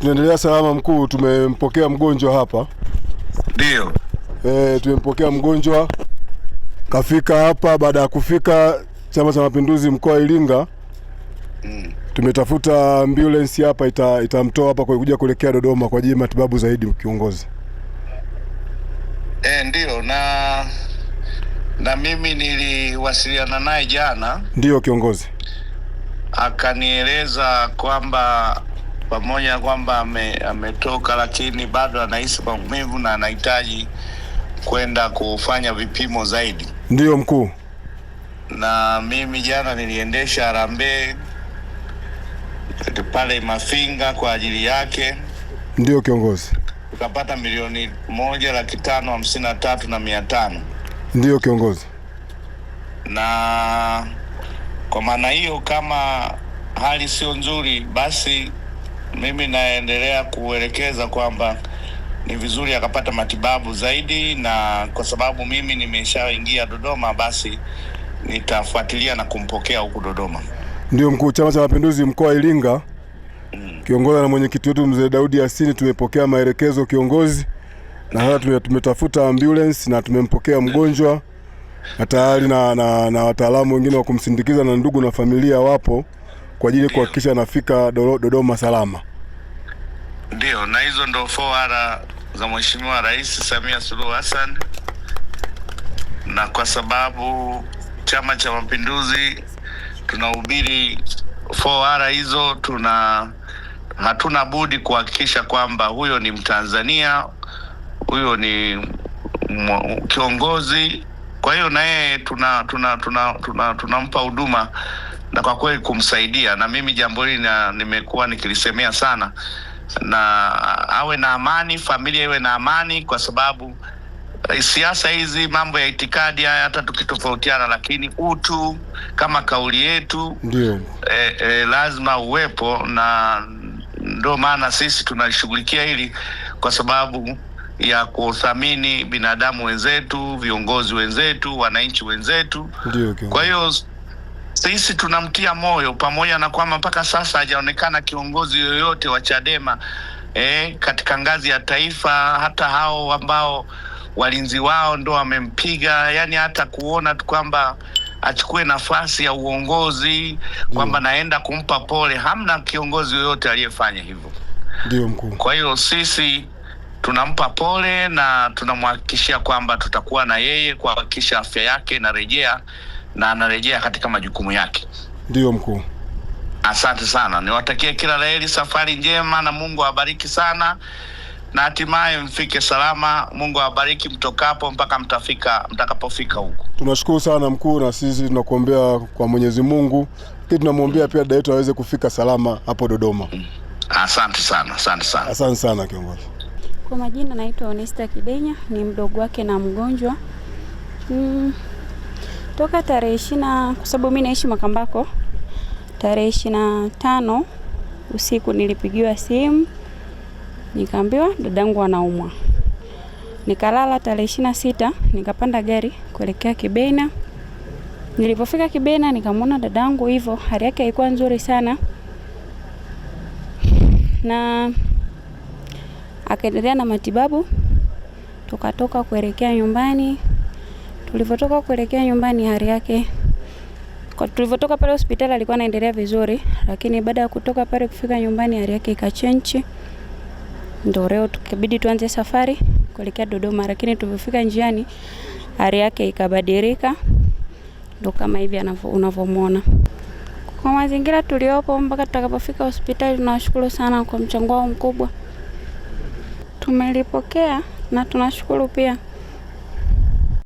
Tunaendelea salama mkuu, tumempokea mgonjwa hapa. Ndio. Eh, tumempokea mgonjwa kafika hapa. Baada ya kufika Chama cha Mapinduzi mkoa wa Iringa mm. tumetafuta ambulance hapa, itamtoa ita hapa kuja kuelekea Dodoma kwa ajili ya matibabu zaidi, kiongozi. E, eh, ndiyo na na mimi niliwasiliana naye jana. Ndiyo kiongozi akanieleza kwamba pamoja na kwamba ame, ametoka lakini bado anahisi maumivu na anahitaji kwenda kufanya vipimo zaidi. Ndiyo mkuu. Na mimi jana niliendesha harambee pale Mafinga kwa ajili yake. Ndiyo kiongozi tukapata milioni moja laki tano hamsini na tatu na mia tano ndiyo kiongozi. Na kwa maana hiyo, kama hali sio nzuri, basi mimi naendelea kuelekeza kwamba ni vizuri akapata matibabu zaidi, na kwa sababu mimi nimeshaingia Dodoma, basi nitafuatilia na kumpokea huku Dodoma. Ndiyo mkuu chama cha mapinduzi mkoa wa Iringa Kiongoza na mwenyekiti wetu mzee Daudi Yasini tumepokea maelekezo kiongozi, na sasa tumetafuta ambulance na tumempokea mgonjwa na tayari na, na, na wataalamu wengine wa kumsindikiza na ndugu na familia wapo kwa ajili ya kuhakikisha anafika Dodoma salama. Ndio, na hizo ndo fora za Mheshimiwa Rais Samia Suluhu Hassan, na kwa sababu Chama cha Mapinduzi tunahubiri 4R hizo tuna hatuna budi kuhakikisha kwamba huyo ni Mtanzania, huyo ni kiongozi. Kwa hiyo na yeye tunampa tuna, tuna, tuna, tuna huduma na kwa kweli kumsaidia. Na mimi jambo hili nimekuwa nikilisemea sana, na awe na amani, familia iwe na amani, kwa sababu eh, siasa hizi, mambo ya itikadi haya, hata tukitofautiana, lakini utu kama kauli yetu e, e, lazima uwepo na ndio maana sisi tunashughulikia hili kwa sababu ya kuthamini binadamu wenzetu, viongozi wenzetu, wananchi wenzetu. Kwa hiyo sisi tunamtia moyo, pamoja na kwamba mpaka sasa hajaonekana kiongozi yoyote wa Chadema eh, katika ngazi ya taifa, hata hao ambao walinzi wao ndo wamempiga, yani hata kuona tu kwamba achukue nafasi ya uongozi kwamba mm. naenda kumpa pole. Hamna kiongozi yoyote aliyefanya hivyo, ndio mkuu. Kwa hiyo sisi tunampa pole na tunamhakikishia kwamba tutakuwa na yeye kuhakikisha afya yake inarejea na anarejea katika majukumu yake. ndio mkuu. Asante sana, niwatakie kila laheri, safari njema na Mungu awabariki sana na hatimaye mfike salama. Mungu awabariki mtokapo mpaka mtafika mtakapofika huko. Tunashukuru sana mkuu, na sisi tunakuombea kwa Mwenyezi Mungu, lakini tunamwombea pia dada yetu aweze kufika salama hapo Dodoma. Asante sana, asante sana, asante sana kiongozi. Kwa majina naitwa Onesta Kidenya, ni mdogo wake na mgonjwa mm. Toka tarehe ishirini kwa sababu mimi naishi Makambako, tarehe ishirini na tano usiku nilipigiwa simu nikaambiwa dadangu anaumwa. Nikalala tarehe ishirini na sita nikapanda gari kuelekea Kibena. Nilipofika Kibena nikamwona dadangu hivyo, hali yake haikuwa nzuri sana, na akaendelea na matibabu. Tukatoka kuelekea nyumbani. Tulivyotoka kuelekea nyumbani, hali yake tulivyotoka pale hospitali alikuwa anaendelea vizuri, lakini baada ya kutoka pale kufika nyumbani hali yake ikachenji. Ndio leo tukabidi tuanze safari kuelekea Dodoma, lakini tulipofika njiani hali yake ikabadilika, ndio kama hivi unavyomwona kwa mazingira tuliopo mpaka tutakapofika hospitali. Tunawashukuru sana kwa mchango wao mkubwa, tumelipokea na tunashukuru pia.